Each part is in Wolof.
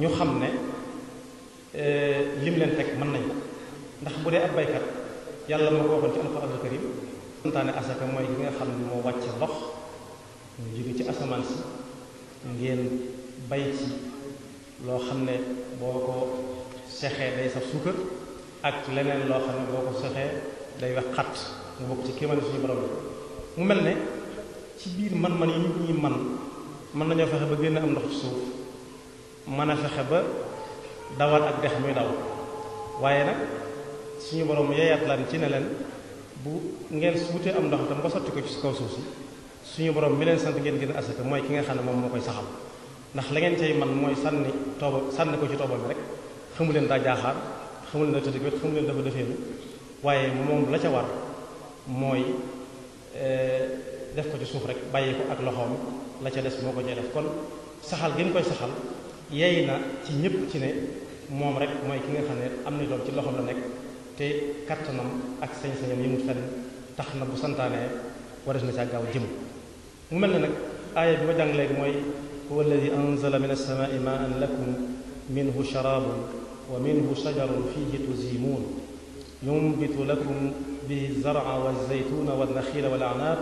ñu xam ne lim leen teg mën nañ ko ndax bu dee ab baykat yàlla moo ko waxoon ci alquran al karim santaane asaka mooy gi nga xam ne moo wàcc ndox ñu jóge ci asamaan si ngeen bay ci loo xam ne boo ko sexee day sax suukar ak leneen loo xam ne boo ko sexee day wax xat mu bokk ci kéemaan suñu borom mu mel ne ci biir man-man yi nit ñi man mën nañoo fexe ba génn am ndox ci suuf mën a fexe ba dawal ak dex muy daw waaye nag suñu borom yeeyaat lan ci ne leen bu ngeen wutee am ndox tam nga sotti ko ci kaw suuf si suñu borom mi leen sant ngeen gën a asaka mooy ki nga xam ne moom moo koy ndax la ngeen cay man mooy sànni tooba sànni ko ci tooba bi rek xamu leen daa jaaxaar xamu leen da tëdd wet xamu dafa defee ni waaye moom la ca war mooy e, def ko ci suuf rek bàyyi ko ak loxoom la ca des moo ko cay def kon saxal gën koy saxal yey na ci ñëpp ci ne moom rek mooy ki nga xam ne am na doom ci loxoom la nekk te kattanam ak sañ-sañam yi mu fenn tax na bu santaanee waras na caa gaaw jëm mu mel ne nag aaya bi ma jàng léegi mooy huwa alladi anzala min alsamaai maan lakum minhu sharabun wa minhu shajarun fihi tuzimun yumbitu lakum bihi zara wa zaytuna wa nakhila wa alanab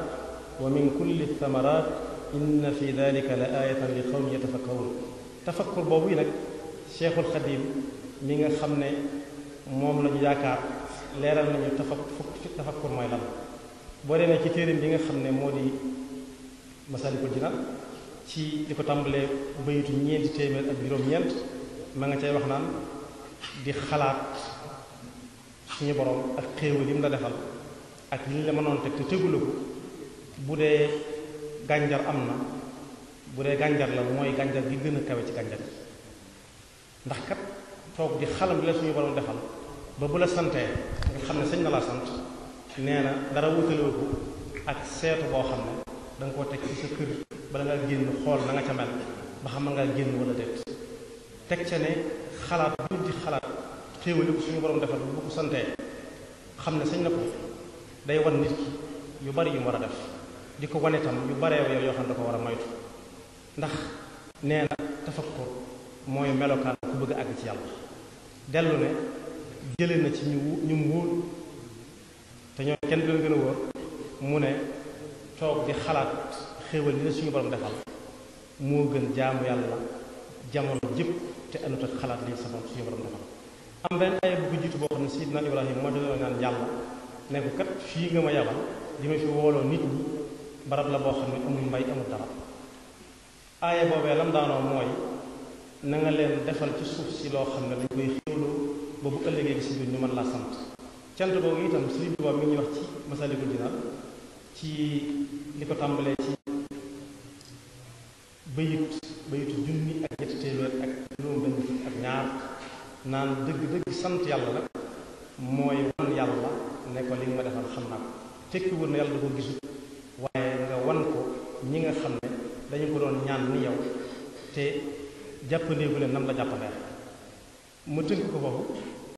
wa min kulli althamarat inna fi dalika la aayatan li qawmin yatafakkarun tafakkur boobu yi nag cheikhul xadim mi nga xam ne moom la ñu yaakaar leeral nañu tafakkur mooy lan boo demee ci téereem bi nga xam ne moo di Masaalikul Jinaan ci di ko tàmbalee bayitu ñeenti téeméer ak juróom-ñeent ma nga cay wax naan di xalaat suñu borom ak xéewal yi mu la defal ak li ñu la mënoon teg te tegulu ko bu dee gànjar am na bu dee gànjar la mooy gànjar gi gën a kawe ci gànjar gi ndax kat toog di xalam bi la suñu borom defal ba bu la santee nga xam ne sañ na laa sant nee na dara wutalewu ko ak seetu boo xam ne da koo teg ci sa kër bala ngaa génn xool na nga ca ba xam nga génn wala déet teg ca ne xalaat xalaat xéewali ko suñu borom defal bu santee xam ne sañ na day wan nit ki yu bari yu mu war a def di ko wane tam yu baree yoo xam ne da ko war a moytu ndax nee na tafakkur mooy melokaan ku bëgg a àgg ci yàlla dellu ne jële na ci ñu ñu mu te ñoo kenn du leen gën a mu ne toog di xalaat xéewal li la suñu borom defal moo gën jaamu yàlla jamono jëpp te anut xalaat li sa borom suñu borom defal am benn ay bu jiitu boo xam ne Sidna Ibrahima moo doon naan yàlla ne ko fii nga ma yabal li ma fi wooloo nit ñi barab la boo xam ne amul mbay amul dara aaya boobee lam daanoo mooy na nga leen defal ci suuf si loo xam ne dañ koy xéwlu ba bu ëllëgee si biir ñu mën laa sant cant boobu itam Sëriñ Tuubaa mi ngi wax ci Masaalikul Jinaan ci li ko tàmbalee ci bayit bayitu junni ak ñetti téeméer ak juróom benn fukk ak ñaar naan dëgg-dëgg sant yàlla nag mooy wan yàlla ne ko li ma defal xam naa ko tekki wër na yàlla da ko gisut mel ni yow te jàppandeeku leen nam la jàppandee mu tënk ko foofu